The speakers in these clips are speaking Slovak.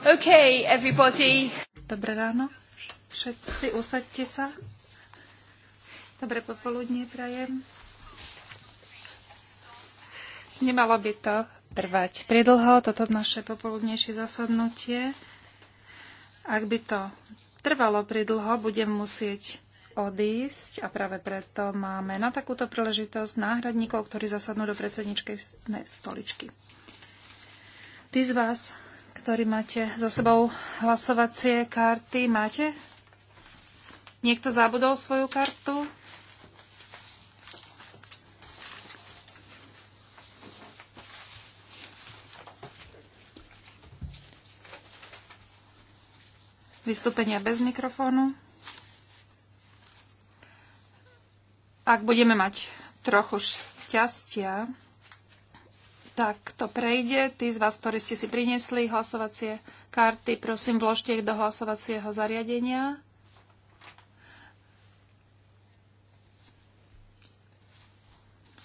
Okay, everybody. Dobré ráno. Všetci usaďte sa. Dobré popoludnie prajem. Nemalo by to trvať pridlho, toto naše popoludnejšie zasadnutie. Ak by to trvalo pridlho, budem musieť odísť a práve preto máme na takúto príležitosť náhradníkov, ktorí zasadnú do predsedničkej stoličky. Tí z vás, ktorí máte za sebou hlasovacie karty. Máte? Niekto zabudol svoju kartu? Vystúpenia bez mikrofónu. Ak budeme mať trochu šťastia, tak to prejde. Tí z vás, ktorí ste si priniesli hlasovacie karty, prosím, vložte ich do hlasovacieho zariadenia.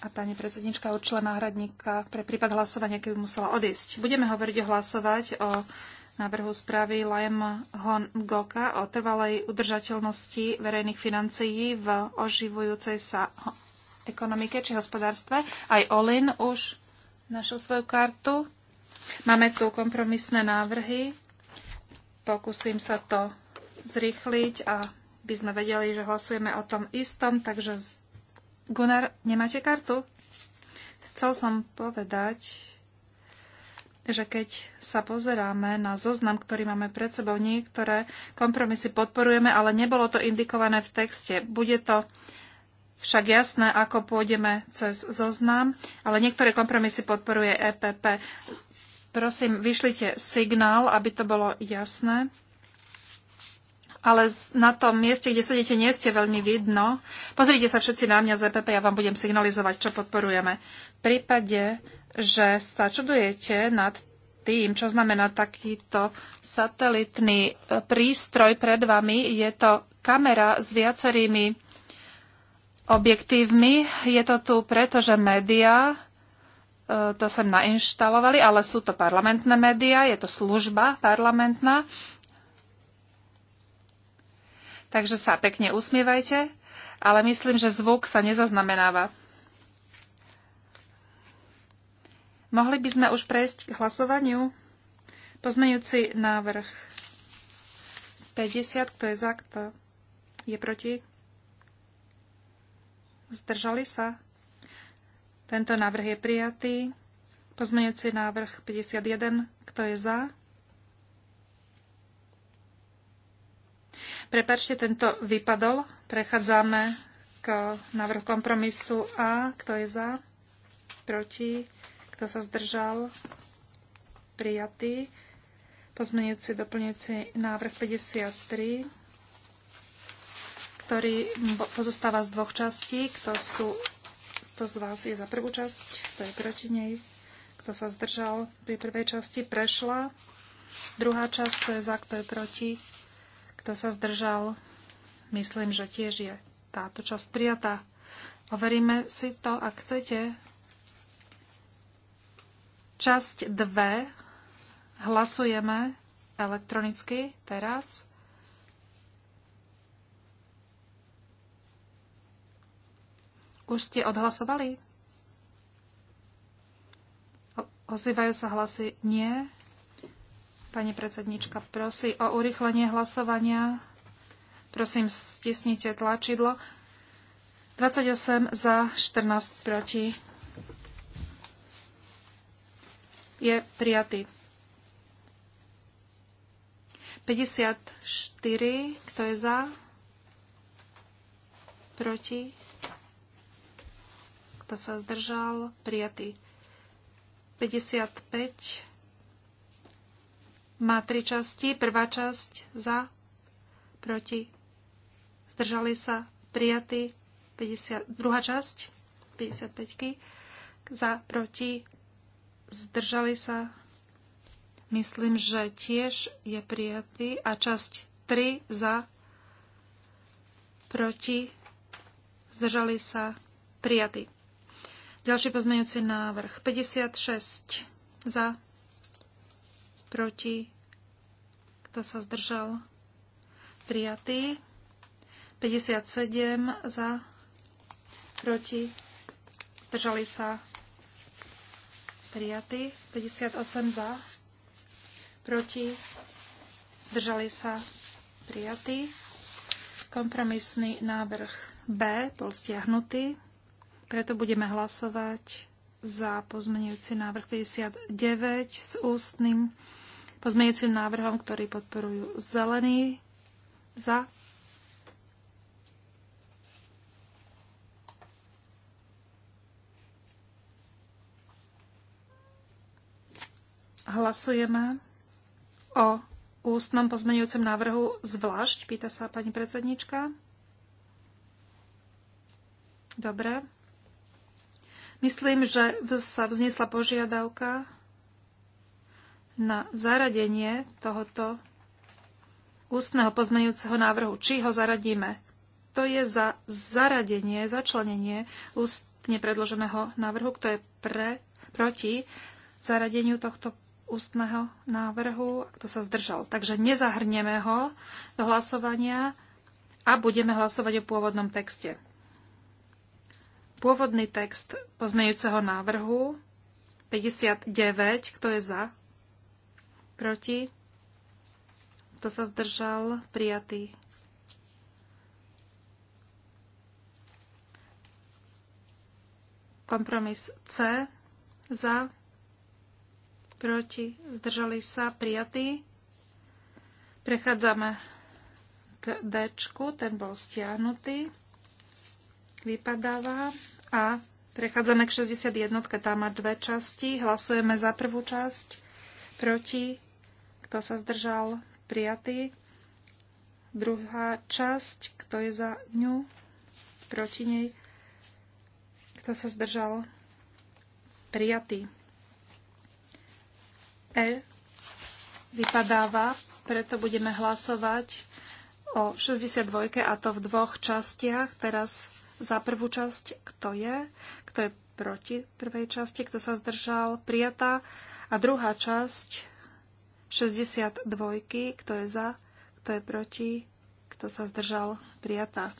A pani predsednička určila náhradníka pre prípad hlasovania, keby musela odísť. Budeme hovoriť o hlasovať o návrhu správy Lajem Hon Goka o trvalej udržateľnosti verejných financií v oživujúcej sa ekonomike či hospodárstve. Aj Olin už našu svoju kartu. Máme tu kompromisné návrhy. Pokúsim sa to zrýchliť a by sme vedeli, že hlasujeme o tom istom, takže Gunnar, nemáte kartu? Chcel som povedať, že keď sa pozeráme na zoznam, ktorý máme pred sebou, niektoré kompromisy podporujeme, ale nebolo to indikované v texte. Bude to však jasné, ako pôjdeme cez zoznam, ale niektoré kompromisy podporuje EPP. Prosím, vyšlite signál, aby to bolo jasné. Ale na tom mieste, kde sedíte, nie ste veľmi vidno. Pozrite sa všetci na mňa z EPP, ja vám budem signalizovať, čo podporujeme. V prípade, že sa čudujete nad tým, čo znamená takýto satelitný e, prístroj pred vami. Je to kamera s viacerými objektívmi. Je to tu preto, že médiá e, to sem nainštalovali, ale sú to parlamentné médiá, je to služba parlamentná. Takže sa pekne usmievajte, ale myslím, že zvuk sa nezaznamenáva. Mohli by sme už prejsť k hlasovaniu? Pozmeňujúci návrh 50, kto je za, kto je proti? Zdržali sa? Tento návrh je prijatý. Pozmeňujúci návrh 51. Kto je za? Prepačte, tento vypadol. Prechádzame k návrhu kompromisu A. Kto je za? Proti? Kto sa zdržal? Prijatý. Pozmeňujúci doplňujúci návrh 53 ktorý pozostáva z dvoch častí. Kto, sú, kto z vás je za prvú časť, to je proti nej, kto sa zdržal pri prvej časti, prešla. Druhá časť, kto je za, kto je proti, kto sa zdržal, myslím, že tiež je táto časť prijatá. Overíme si to, ak chcete. Časť 2 hlasujeme elektronicky teraz. Už ste odhlasovali? Ozývajú sa hlasy nie. Pani predsednička prosí o urychlenie hlasovania. Prosím, stisnite tlačidlo. 28 za, 14 proti. Je prijatý. 54, kto je za? Proti? kto sa zdržal, prijatý. 55 má tri časti. Prvá časť za, proti, zdržali sa, prijatý. 50, druhá časť 55 za, proti, zdržali sa. Myslím, že tiež je prijatý. A časť 3 za, proti, zdržali sa, prijatý. Ďalší pozmeňujúci návrh 56 za, proti, kto sa zdržal, prijatý. 57 za, proti, zdržali sa, prijatý. 58 za, proti, zdržali sa, prijatý. Kompromisný návrh B bol stiahnutý. Preto budeme hlasovať za pozmenujúci návrh 59 s ústnym pozmenujúcim návrhom, ktorý podporujú Zelený za. Hlasujeme o ústnom pozmenujúcom návrhu zvlášť, pýta sa pani predsednička. Dobre. Myslím, že sa vznesla požiadavka na zaradenie tohoto ústneho pozmenujúceho návrhu. Či ho zaradíme? To je za zaradenie, začlenenie ústne predloženého návrhu. Kto je pre, proti zaradeniu tohto ústneho návrhu? Kto sa zdržal? Takže nezahrnieme ho do hlasovania a budeme hlasovať o pôvodnom texte. Pôvodný text pozmeňujúceho návrhu 59, kto je za? Proti? Kto sa zdržal? Prijatý. Kompromis C. Za. Proti. Zdržali sa. Prijatý. Prechádzame k D. Ten bol stiahnutý. Vypadáva. A prechádzame k 61. Tá má dve časti. Hlasujeme za prvú časť. Proti. Kto sa zdržal? Prijatý. Druhá časť. Kto je za ňu? Proti nej. Kto sa zdržal? Prijatý. E vypadáva, preto budeme hlasovať o 62 a to v dvoch častiach. Teraz za prvú časť, kto je, kto je proti prvej časti, kto sa zdržal, prijatá. A druhá časť 62, kto je za, kto je proti, kto sa zdržal, prijatá.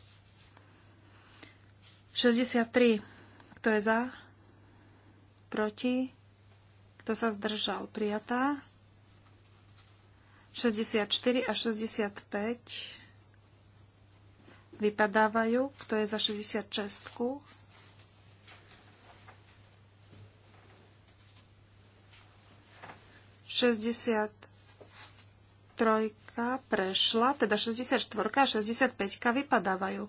63, kto je za, proti, kto sa zdržal, prijatá. 64 a 65 vypadávajú. Kto je za 66? -ku? Šesťdesiat trojka prešla, teda štvorka a peťka vypadávajú.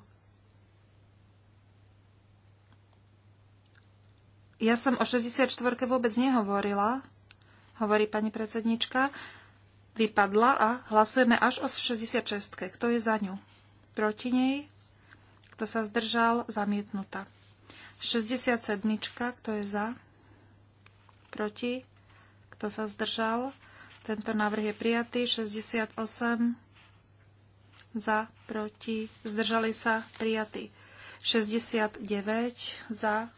Ja som o štvorke vôbec nehovorila, hovorí pani predsednička. Vypadla a hlasujeme až o šesťdesiat šestke. Kto je za ňu? proti nej, kto sa zdržal, zamietnutá. 67. Kto je za? Proti? Kto sa zdržal? Tento návrh je prijatý. 68. Za? Proti? Zdržali sa? Prijatý. 69. Za?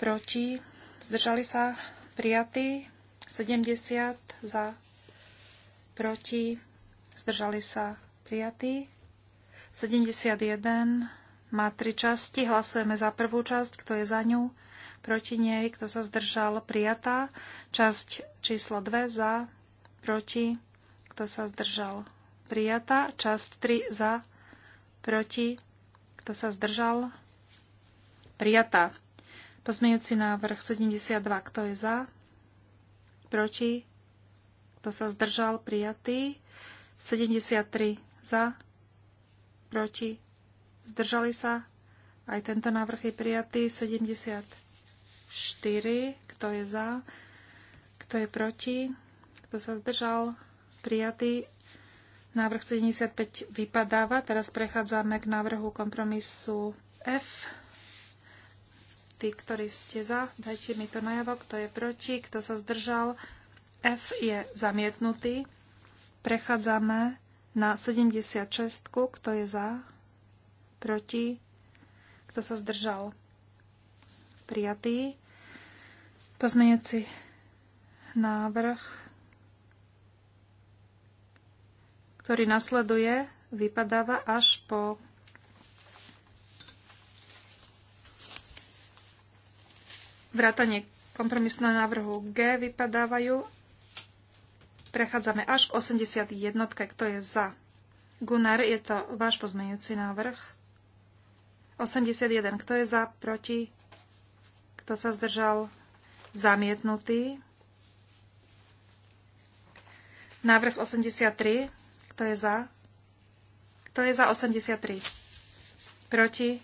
Proti? Zdržali sa? Prijatý. 70. Za? Proti? Zdržali sa? Prijatý. 71 má tri časti. Hlasujeme za prvú časť, kto je za ňu, proti nej, kto sa zdržal, prijatá. Časť číslo 2 za, proti, kto sa zdržal, prijatá. Časť 3 za, proti, kto sa zdržal, prijatá. Pozmejúci návrh 72, kto je za, proti, kto sa zdržal, prijatý. 73 za, proti, zdržali sa. Aj tento návrh je prijatý. 74, kto je za, kto je proti, kto sa zdržal, prijatý. Návrh 75 vypadáva. Teraz prechádzame k návrhu kompromisu F. Tí, ktorí ste za, dajte mi to najavo, kto je proti, kto sa zdržal. F je zamietnutý. Prechádzame na 76. Kto je za? Proti? Kto sa zdržal? Prijatý. Pozmeňujúci návrh, ktorý nasleduje, vypadáva až po vrátanie kompromisného návrhu G vypadávajú Prechádzame až k 81. Kto je za? Gunnar, je to váš pozmeňujúci návrh. 81. Kto je za? Proti? Kto sa zdržal? Zamietnutý. Návrh 83. Kto je za? Kto je za 83? Proti?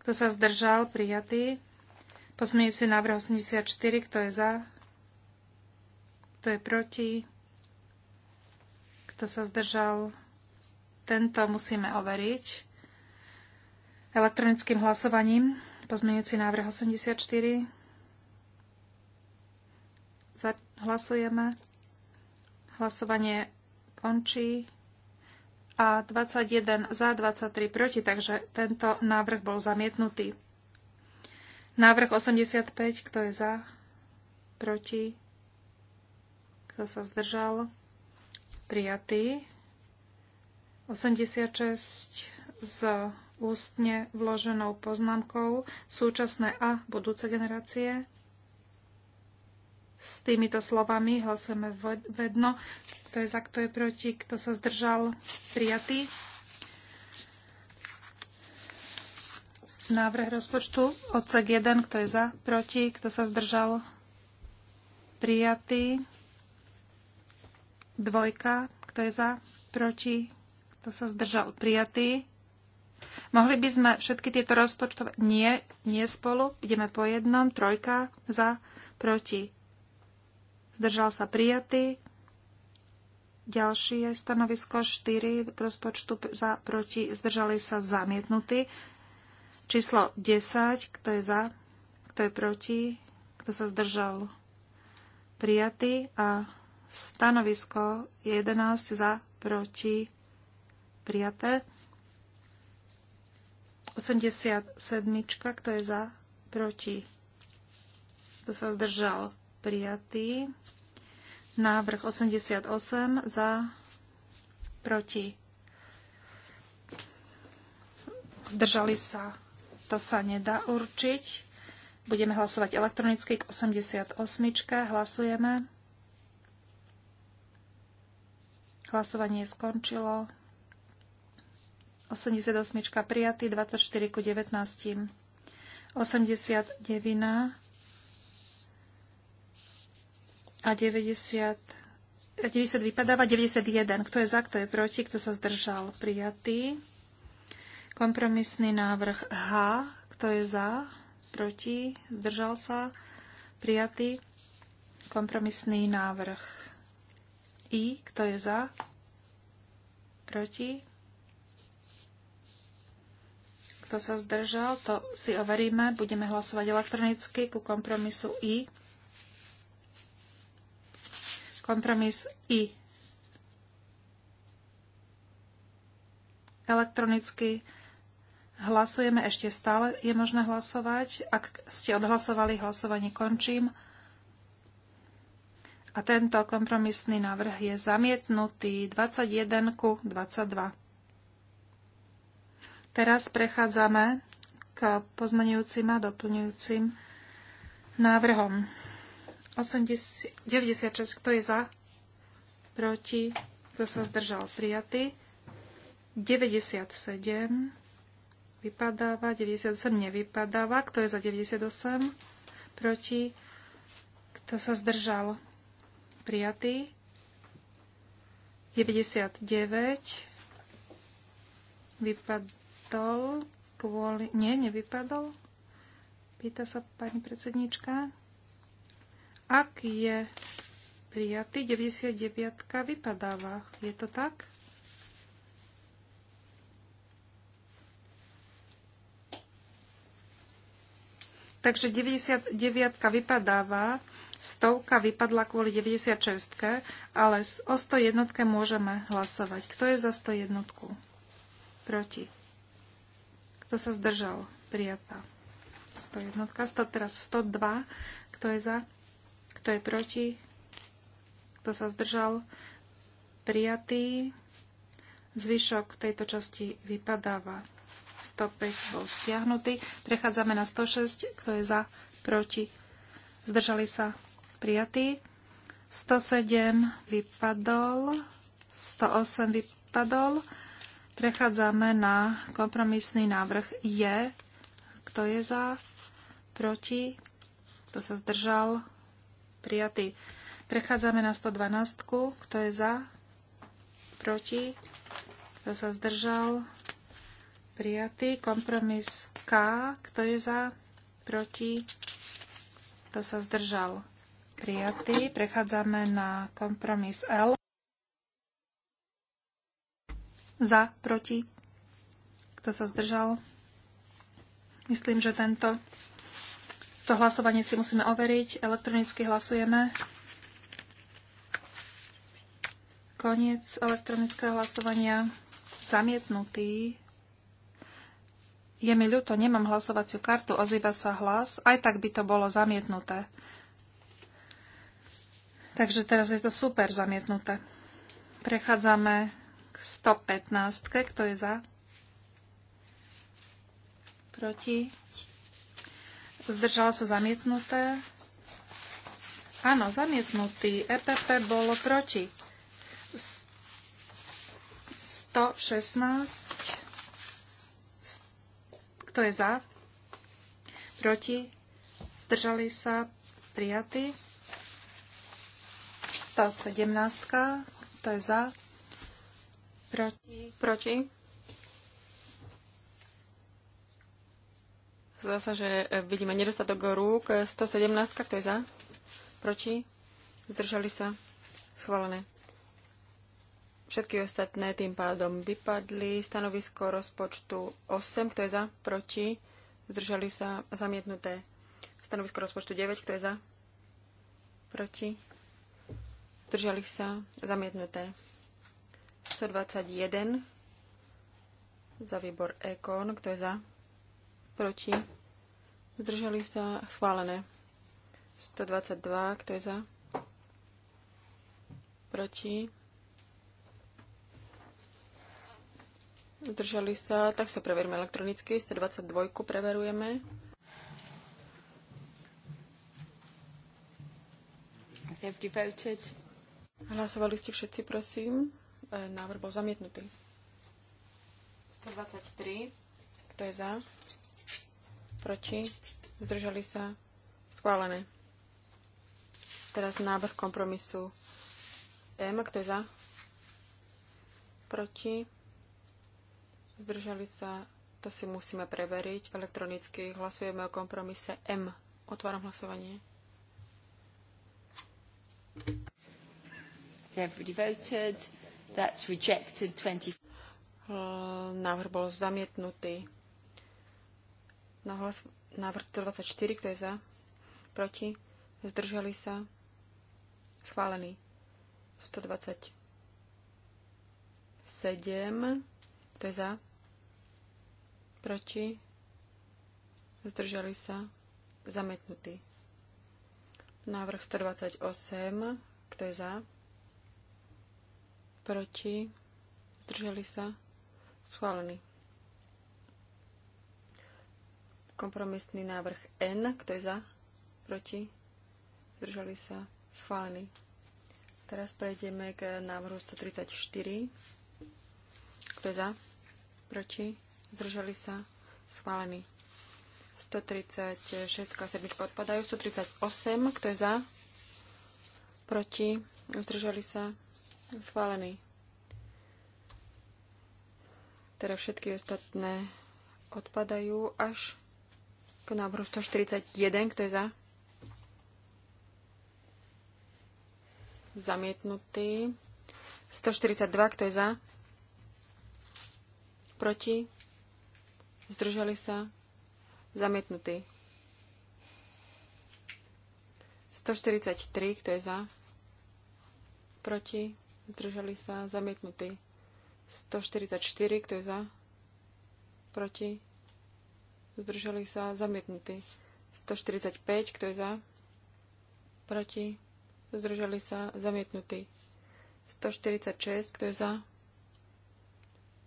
Kto sa zdržal? Prijatý. Pozmeňujúci návrh 84. Kto je za? Kto je proti? Kto sa zdržal? Tento musíme overiť elektronickým hlasovaním. Pozmeňujúci návrh 84. Hlasujeme. Hlasovanie končí. A 21 za, 23 proti, takže tento návrh bol zamietnutý. Návrh 85, kto je za? Proti? Kto sa zdržal? Prijatý. 86 s ústne vloženou poznámkou súčasné a budúce generácie. S týmito slovami hlasujeme vedno. Kto je za, kto je proti, kto sa zdržal, prijatý. Návrh rozpočtu odsek 1, kto je za, proti, kto sa zdržal, prijatý. Dvojka, kto je za, proti, kto sa zdržal, prijatý. Mohli by sme všetky tieto rozpočtové... Nie, nie spolu. Ideme po jednom. Trojka za, proti. Zdržal sa prijatý. Ďalšie stanovisko 4 rozpočtu za, proti. Zdržali sa zamietnutí. Číslo 10. Kto je za? Kto je proti? Kto sa zdržal? Prijatý. A Stanovisko 11 za, proti, prijaté. 87. Kto je za? Proti. Kto sa zdržal? Prijatý. Návrh 88 za. Proti. Zdržali sa. To sa nedá určiť. Budeme hlasovať elektronicky k 88. Hlasujeme. Hlasovanie skončilo. 88 prijatý, 24 ku 19. 89 a 90 90 vypadáva, 91. Kto je za, kto je proti, kto sa zdržal? Prijatý. Kompromisný návrh H. Kto je za, proti, zdržal sa? Prijatý. Kompromisný návrh i, kto je za? Proti? Kto sa zdržal, to si overíme. Budeme hlasovať elektronicky ku kompromisu I. Kompromis I. Elektronicky hlasujeme. Ešte stále je možné hlasovať. Ak ste odhlasovali, hlasovanie končím. A tento kompromisný návrh je zamietnutý 21 ku 22. Teraz prechádzame k pozmeňujúcim a doplňujúcim návrhom. 80, 96, kto je za? Proti? Kto sa zdržal? Prijatý. 97 vypadáva, 98 nevypadáva. Kto je za 98? Proti? Kto sa zdržal? prijatý. 99 vypadol kvôli... Nie, nevypadol. Pýta sa pani predsednička. Ak je prijatý, 99 vypadáva. Je to tak? Takže 99 vypadáva stovka vypadla kvôli 96, ale o 101 môžeme hlasovať. Kto je za 101? Proti. Kto sa zdržal? Prijatá. 101. 100, teraz 102. Kto je za? Kto je proti? Kto sa zdržal? Prijatý. Zvyšok tejto časti vypadáva. 105 bol stiahnutý. Prechádzame na 106. Kto je za? Proti? Zdržali sa? prijatý. 107 vypadol, 108 vypadol. Prechádzame na kompromisný návrh je. Kto je za? Proti? Kto sa zdržal? Prijatý. Prechádzame na 112. Kto je za? Proti? Kto sa zdržal? Prijatý. Kompromis K. Kto je za? Proti? Kto sa zdržal? prijatý. Prechádzame na kompromis L. Za, proti. Kto sa zdržal? Myslím, že tento to hlasovanie si musíme overiť. Elektronicky hlasujeme. Koniec elektronického hlasovania. Zamietnutý. Je mi ľúto, nemám hlasovaciu kartu, ozýva sa hlas. Aj tak by to bolo zamietnuté. Takže teraz je to super zamietnuté. Prechádzame k 115. Kto je za? Proti? Zdržalo sa zamietnuté. Áno, zamietnutý. EPP bolo proti. 116. Kto je za? Proti? Zdržali sa? Prijatý? 117. Kto je za? Proti. Proti. Zdá sa, že e, vidíme nedostatok rúk. 117. Kto je za? Proti. Zdržali sa. Schválené. Všetky ostatné tým pádom vypadli. Stanovisko rozpočtu 8. Kto je za? Proti. Zdržali sa. Zamietnuté. Stanovisko rozpočtu 9. Kto je za? Proti držali sa zamietnuté. 121 za výbor Ekon. Kto je za? Proti? Zdržali sa schválené. 122. Kto je za? Proti? Zdržali sa. Tak sa preverme elektronicky. 122 preverujeme. Has everybody voted? Hlasovali ste všetci, prosím. E, návrh bol zamietnutý. 123. Kto je za? Proti? Zdržali sa? Schválené. Teraz návrh kompromisu M. Kto je za? Proti? Zdržali sa? To si musíme preveriť elektronicky. Hlasujeme o kompromise M. Otváram hlasovanie everybody voted? That's rejected. 20. Hm, návrh bol zamietnutý. Na hlas, návrh 124, kto je za? Proti? Zdržali sa? Schválený. 127. Kto je za? Proti? Zdržali sa? Zamietnutý. Návrh 128. Kto je za? proti, zdrželi sa, schválený. Kompromisný návrh N, kto je za, proti, zdrželi sa, schválený. Teraz prejdeme k návrhu 134. Kto je za? Proti? zdrželi sa? Schválený. 136 a 7 odpadajú. 138. Kto je za? Proti? Zdržali sa? Schválený. Teda všetky ostatné odpadajú až k návrhu 141, kto je za? Zamietnutý. 142, kto je za? Proti? Zdržali sa? Zamietnutý. 143, kto je za? Proti? zdržali sa, zamietnutý. 144, kto je za, proti, zdržali sa, zamietnutý. 145, kto je za, proti, zdržali sa, zamietnutý. 146, kto je za,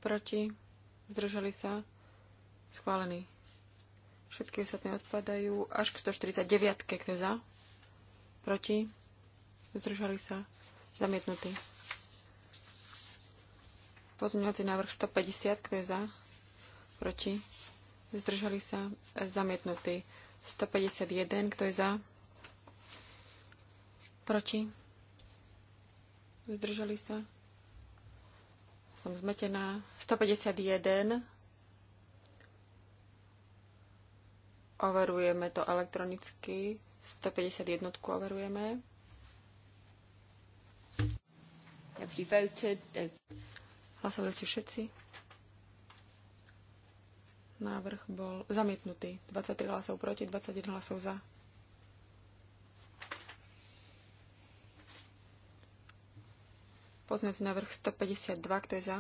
proti, zdržali sa, schválený. Všetky ostatné odpadajú až k 149, kto je za, proti, zdržali sa, zamietnutý. Pozmeňovací návrh 150, kto je za? Proti? Zdržali sa? E, zamietnutý. 151, kto je za? Proti? Zdržali sa? Som zmetená. 151. Overujeme to elektronicky. 151 overujeme. Have you voted? No. Hlasovali ste všetci. Návrh bol zamietnutý. 23 hlasov proti, 21 hlasov za. Poznací návrh 152, kto je za?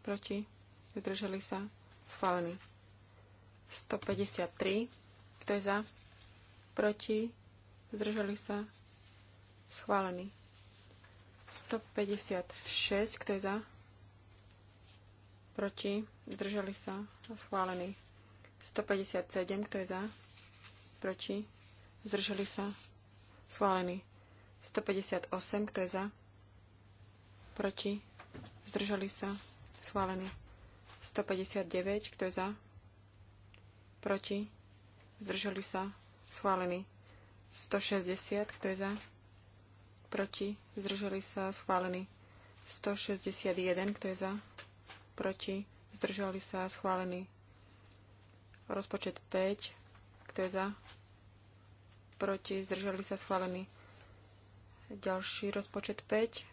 Proti? Vydržali sa? Schválený. 153, kto je za? Proti? Zdržali sa? Schválený. 156, kto je za? proti, zdržali sa, schválený. 157, kto je za, proti, zdržali sa, schválený. 158, kto je za, proti, zdržali sa, schválený. 159, kto je za, proti, zdržali sa, schválený. 160, kto je za, proti, zdržali sa, schválený. 161, kto je za, proti, zdržali sa, schválený. Rozpočet 5, kto je za, proti, zdržali sa, schválený. Ďalší rozpočet 5,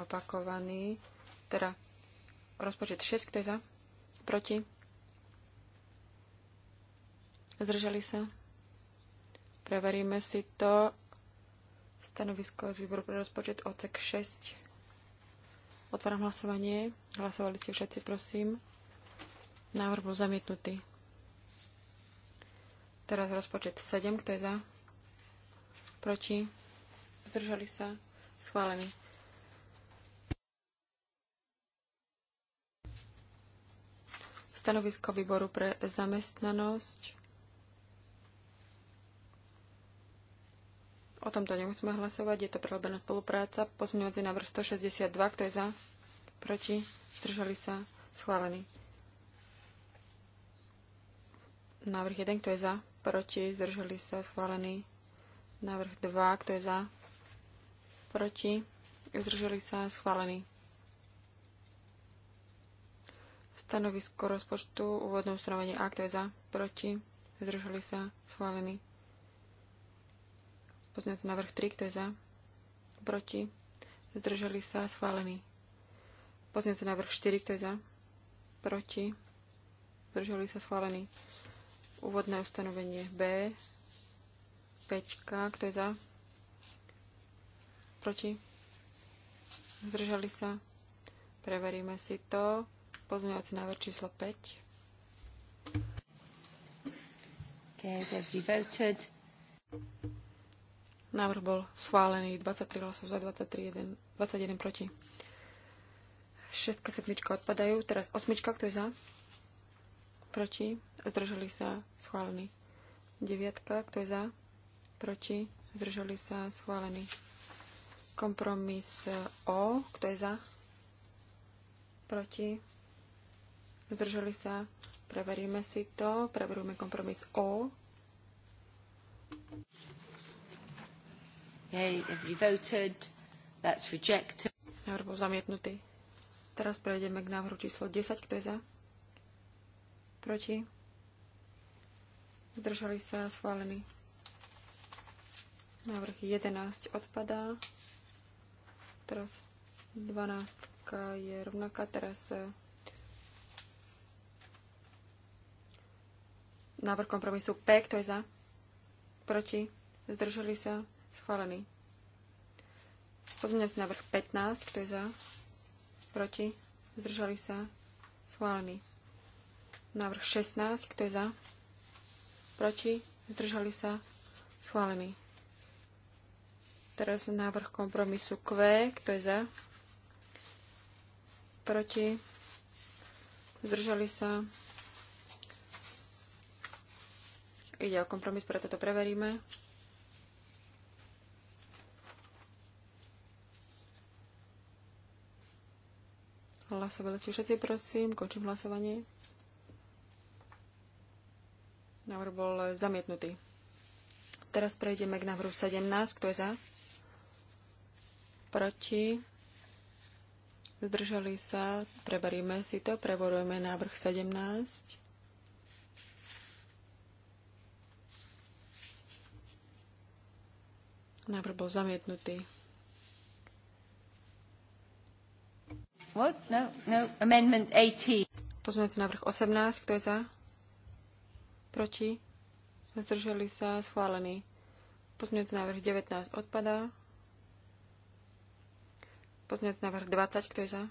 opakovaný, teda rozpočet 6, kto je za, proti, zdržali sa. Preveríme si to. Stanovisko z výboru pre rozpočet odsek 6. Otváram hlasovanie. Hlasovali ste všetci, prosím. Návrh bol zamietnutý. Teraz rozpočet 7. Kto je za? Proti? Zdržali sa? Schválený. Stanovisko výboru pre zamestnanosť O tomto nemusíme hlasovať, je to prelobená spolupráca. Pozmeňovací návrh 162, kto je za? Proti? Zdržali sa? Schválený. Návrh 1, kto je za? Proti? Zdržali sa? Schválený. Návrh 2, kto je za? Proti? Zdržali sa? Schválený. Stanovisko rozpočtu, úvodné ustanovenie A, kto je za? Proti? Zdržali sa? Schválený. Poznáte návrh 3, kto je za? Proti? Zdržali sa? Schválený. Poznáte návrh 4, kto je za? Proti? Zdržali sa? Schválený. Úvodné ustanovenie B. 5, kto je za? Proti? Zdržali sa? Preveríme si to. Pozmeňovací návrh číslo 5. Okay, voted. Návrh bol schválený 23 hlasov za 23, 1, 21 proti. 6, sedmička odpadajú. Teraz 8, kto je za? Proti. Zdržali sa schválený. 9, kto je za? Proti. Zdržali sa schválený. Kompromis e, O, kto je za? Proti. Zdržali sa. Preveríme si to. Preverujeme kompromis O. Okay, voted? That's rejected. Návrh bol zamietnutý. Teraz prejdeme k návrhu číslo 10. Kto je za? Proti? Zdržali sa schválený. Návrh 11 odpadá. Teraz 12 je rovnaká. Teraz eh, návrh kompromisu P. Kto je za? Proti? Zdržali sa? Schválený. Pozmeňací návrh 15, kto je za? Proti? Zdržali sa? Schválený. Návrh 16, kto je za? Proti? Zdržali sa? Schválený. Teraz návrh kompromisu Q, kto je za? Proti? Zdržali sa? Ide o kompromis, preto to preveríme. Hlasovali ste všetci, prosím. Končím hlasovanie. Návrh bol zamietnutý. Teraz prejdeme k návrhu 17. Kto je za? Proti? Zdržali sa? Preberíme si to. Preborujeme návrh 17. Návrh bol zamietnutý. What? No, no. Amendment 18. Pozmeňujúci návrh 18. Kto je za? Proti? zdrželi sa? Schválený. Pozmeňujúci návrh 19 odpadá. Pozmeňujúci návrh 20. Kto je za?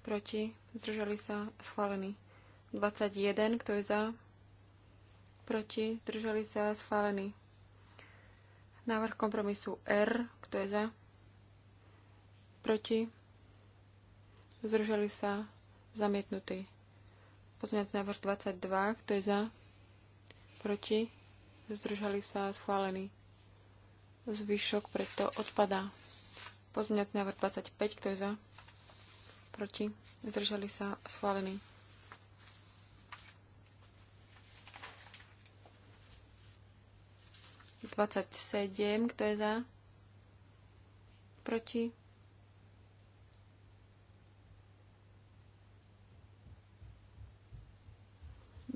Proti? zdrželi sa? Schválený. 21. Kto je za? Proti? zdrželi sa? Schválený. Návrh kompromisu R. Kto je za? Proti? zdržali sa, zamietnutí. Pozmeňací návrh 22, kto je za, proti, zdržali sa, schválený. Zvyšok preto odpadá. Pozmeňací návrh 25, kto je za, proti, zdržali sa, schválený. Dvadsať kto je za? Proti?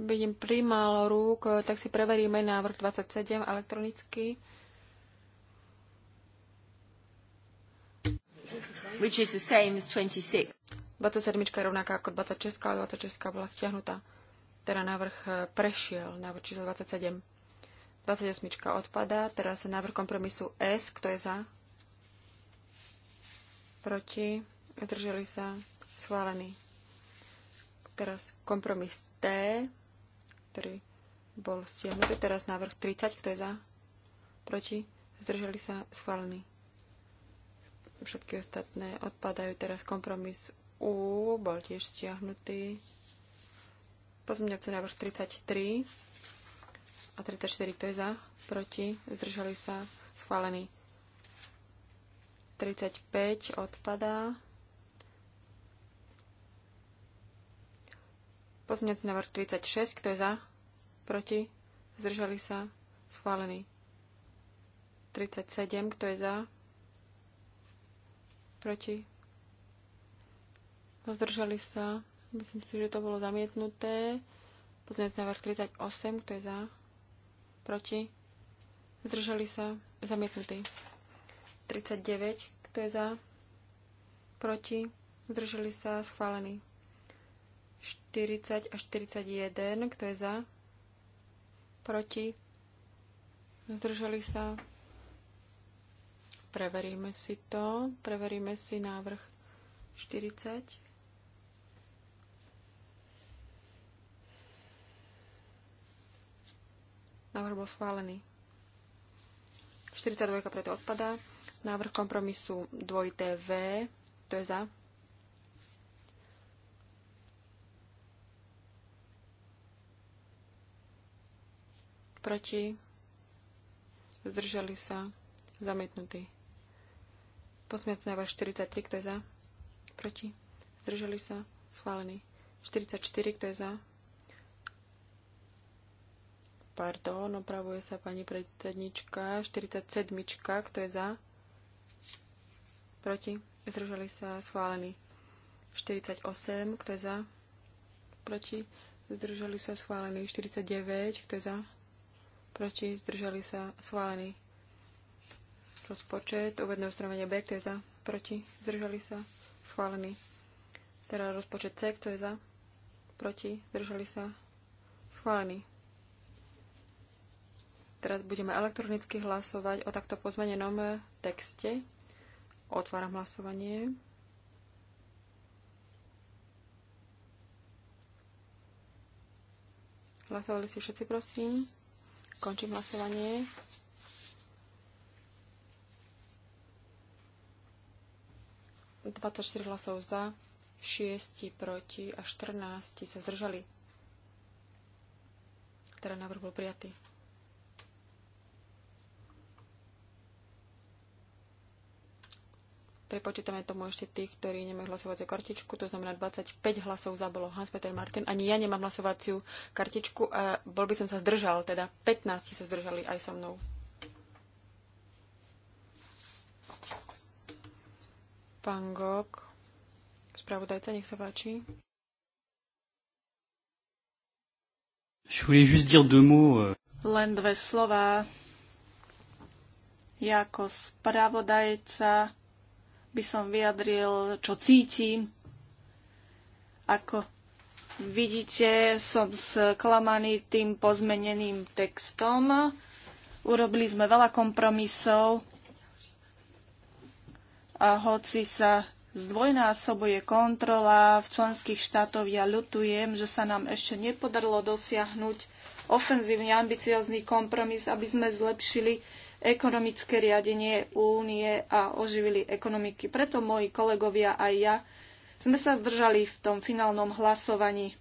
by im primal rúk, tak si preveríme návrh 27 elektronicky. Which is the same as 26. 27 je rovnaká ako 26, ale 26 bola stiahnutá. Teda návrh e, prešiel, návrh číslo 27. 28 odpadá, teraz návrh kompromisu S, kto je za? Proti? Zdržali sa? Schválený. Teraz kompromis T, ktorý bol stiahnutý. Teraz návrh 30, kto je za? Proti? Zdržali sa? Schválený. Všetky ostatné odpadajú. Teraz kompromis U bol tiež stiahnutý. Pozmeňovací návrh 33 a 34, kto je za? Proti? Zdržali sa? Schválený. 35 odpadá. Pozmeňací návrh 36, kto je za? Proti? Zdržali sa? Schválený. 37, kto je za? Proti? Zdržali sa? Myslím si, že to bolo zamietnuté. Pozmeňací návrh 38, kto je za? Proti? Zdržali sa? Zamietnutý. 39, kto je za? Proti? Zdržali sa? Schválený. 40 a 41, kto je za? Proti? Zdržali sa? Preveríme si to. Preveríme si návrh 40. Návrh bol schválený. 42 preto odpadá. Návrh kompromisu 2 V. To je za. proti, zdržali sa, Posmiac na vás 43, kto je za, proti, zdržali sa, schválený. 44, kto je za, pardon, opravuje sa pani predsednička, 47, kto je za, proti, zdržali sa, schválený. 48, kto je za, proti, zdržali sa, schválený. 49, kto je za, proti, zdržali sa, schválený. Rozpočet, Uvedné ustanovenie B, kto je za, proti, zdržali sa, schválený. Teda rozpočet C, kto je za, proti, zdržali sa, schválený. Teraz budeme elektronicky hlasovať o takto pozmenenom texte. Otváram hlasovanie. Hlasovali si všetci, prosím. Končím hlasovanie. 24 hlasov za, 6 proti a 14 sa zdržali. Teda návrh bol prijatý. Prepočítame tomu ešte tých, ktorí nemajú hlasovaciu kartičku, to znamená 25 hlasov za bolo Hans-Peter Martin. Ani ja nemám hlasovaciu kartičku, a bol by som sa zdržal, teda 15 sa zdržali aj so mnou. Pán Gok, spravodajca, nech sa páči. Euh. Len dve slova. Ja ako spravodajca by som vyjadril, čo cítim. Ako vidíte, som sklamaný tým pozmeneným textom. Urobili sme veľa kompromisov a hoci sa zdvojnásobuje kontrola v členských štátoch, ja ľutujem, že sa nám ešte nepodarilo dosiahnuť ofenzívne ambiciózny kompromis, aby sme zlepšili ekonomické riadenie únie a oživili ekonomiky. Preto moji kolegovia aj ja sme sa zdržali v tom finálnom hlasovaní.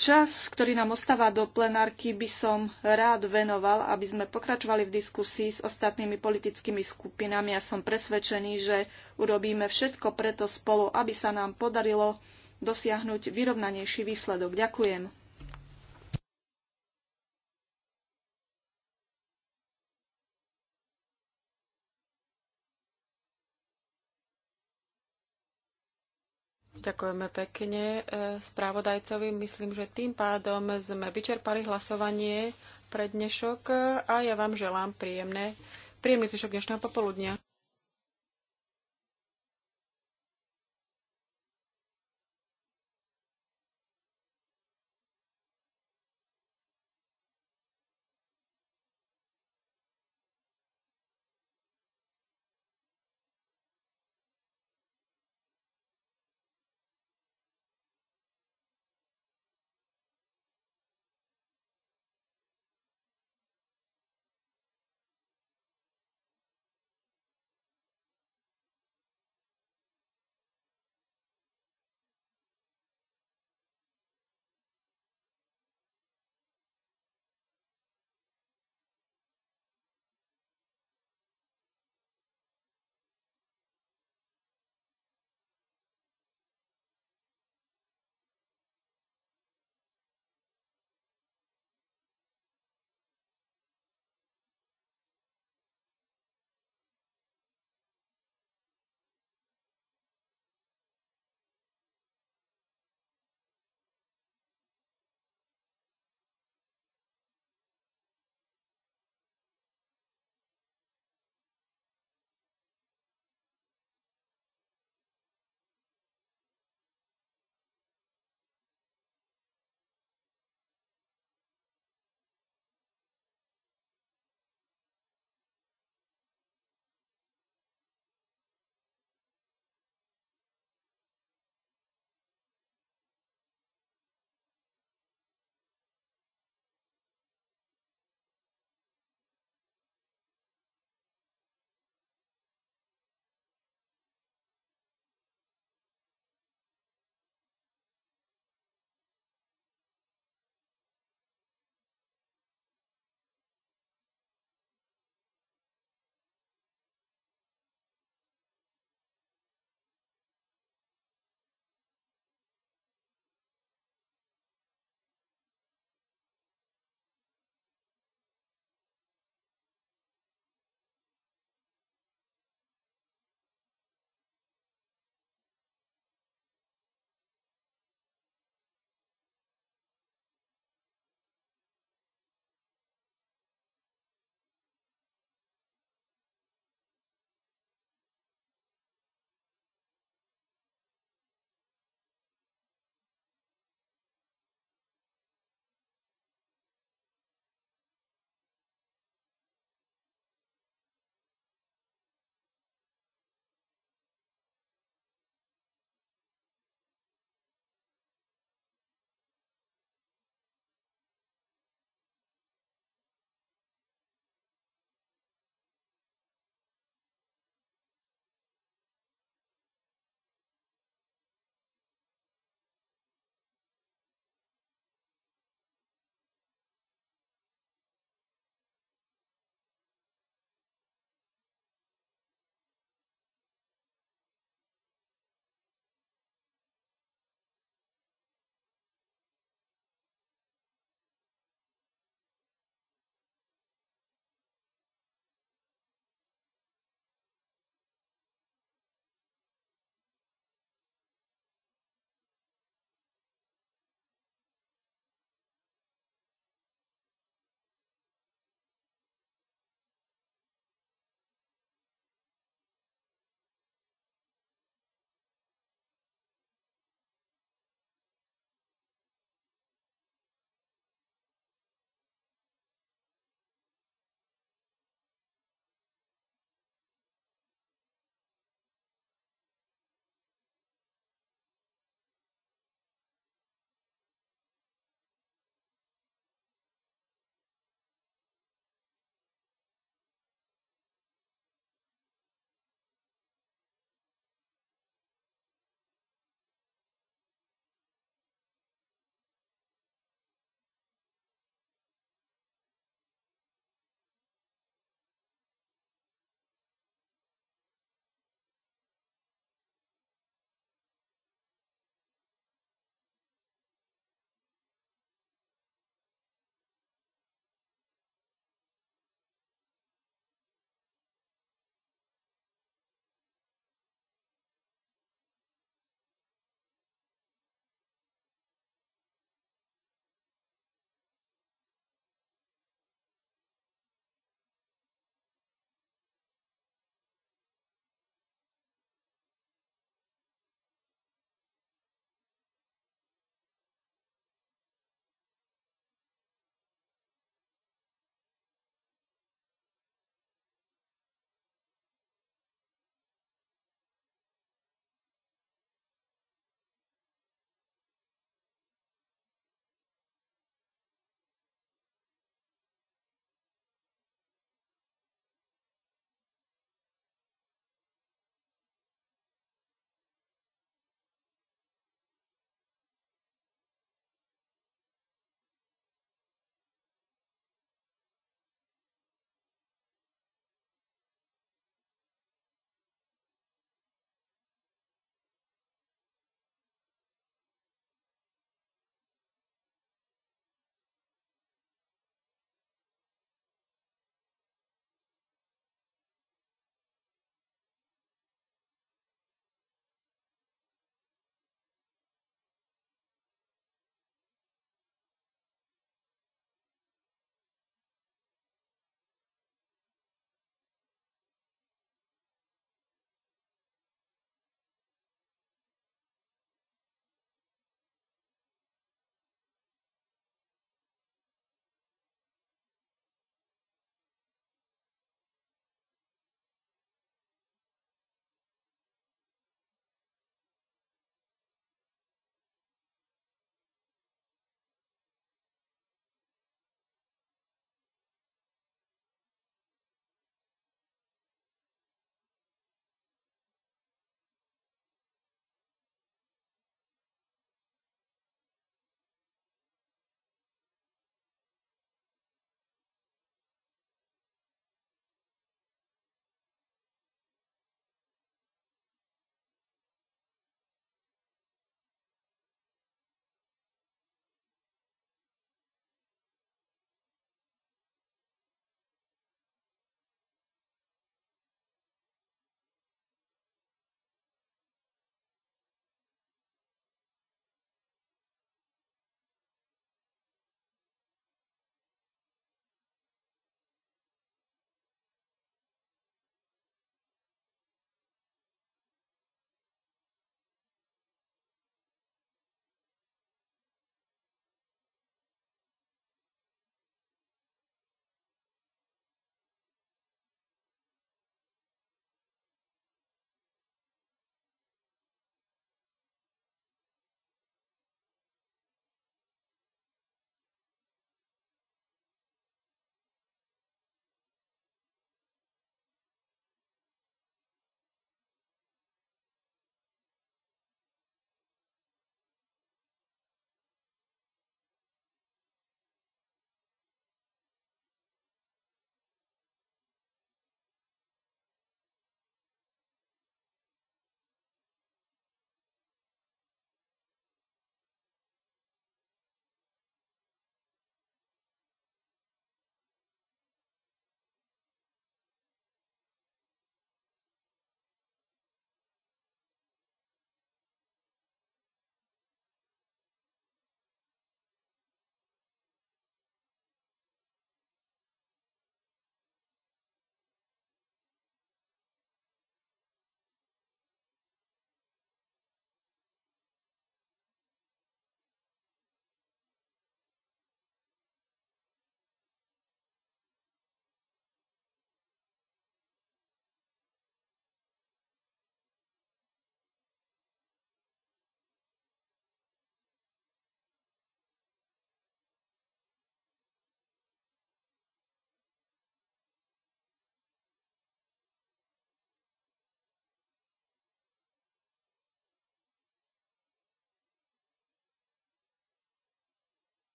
Čas, ktorý nám ostáva do plenárky, by som rád venoval, aby sme pokračovali v diskusii s ostatnými politickými skupinami. Ja som presvedčený, že urobíme všetko preto spolu, aby sa nám podarilo dosiahnuť vyrovnanejší výsledok. Ďakujem. Ďakujeme pekne e, správodajcovi. Myslím, že tým pádom sme vyčerpali hlasovanie pre dnešok a ja vám želám príjemné, príjemný zvyšok dnešného popoludnia.